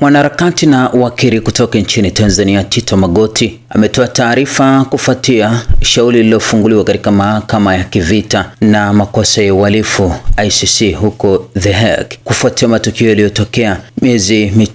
Mwanaharakati na wakili kutoka nchini Tanzania Tito Magoti ametoa taarifa kufuatia shauri lililofunguliwa katika mahakama ya kivita na makosa ya uhalifu ICC huko The Hague kufuatia matukio yaliyotokea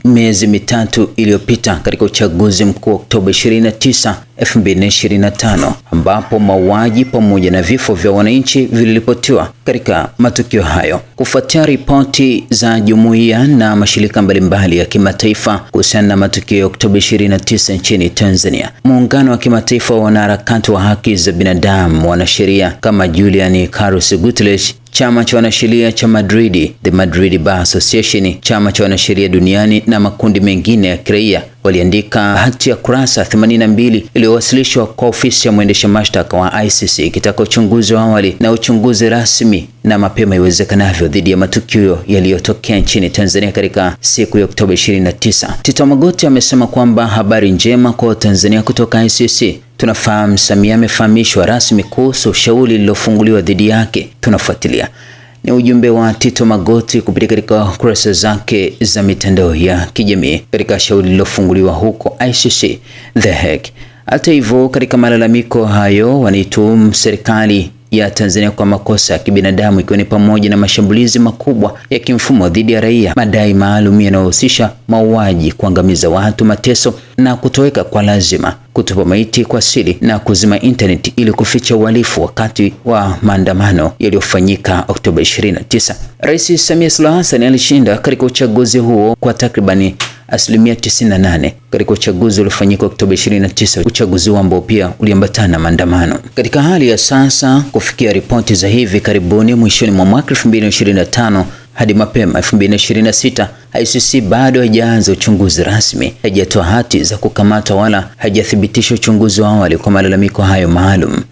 miezi mitatu iliyopita katika uchaguzi mkuu wa Oktoba 29 2025 ambapo mauaji pamoja na vifo vya wananchi viliripotiwa katika matukio hayo. Kufuatia ripoti za jumuiya na mashirika mbalimbali ya kimataifa kuhusiana na matukio ya Oktoba 29 nchini Tanzania, muungano wa kimataifa wa wanaharakati wa haki za binadamu, wanasheria kama Julian Carlos Gutierrez chama cha wanasheria cha Madridi, the Madrid Bar Association, chama cha wanasheria duniani na makundi mengine ya kiraia waliandika hati ya kurasa 82 iliyowasilishwa kwa ofisi ya mwendesha mashtaka wa ICC ikitaka uchunguzi wa awali na uchunguzi rasmi na mapema iwezekanavyo dhidi ya matukio yaliyotokea nchini Tanzania katika siku ya Oktoba 29. Tito Magoti amesema kwamba habari njema kwa Tanzania kutoka ICC Tunafahamu Samia amefahamishwa rasmi kuhusu shauri lililofunguliwa dhidi yake, tunafuatilia. Ni ujumbe wa Tito Magoti kupitia katika kurasa zake za mitandao ya kijamii katika shauri lililofunguliwa huko ICC The Hague. Hata hivyo, katika malalamiko hayo wanaituhumu serikali ya Tanzania kwa makosa ya kibinadamu ikiwa ni pamoja na mashambulizi makubwa ya kimfumo dhidi ya raia, madai maalum yanayohusisha mauaji, kuangamiza watu, mateso na kutoweka kwa lazima, kutupa maiti kwa siri na kuzima intaneti ili kuficha uhalifu wakati wa maandamano yaliyofanyika Oktoba 29. Rais Samia Suluhu Hassan alishinda katika uchaguzi huo kwa takribani asilimia 98 katika uchaguzi uliofanyika Oktoba 29, uchaguzi huo ambao pia uliambatana na maandamano. Katika hali ya sasa, kufikia ripoti za hivi karibuni, mwishoni mwa mwaka 2025 hadi mapema 2026 ICC bado haijaanza uchunguzi rasmi, haijatoa hati za kukamata wala haijathibitisha uchunguzi wa awali kwa malalamiko hayo maalum.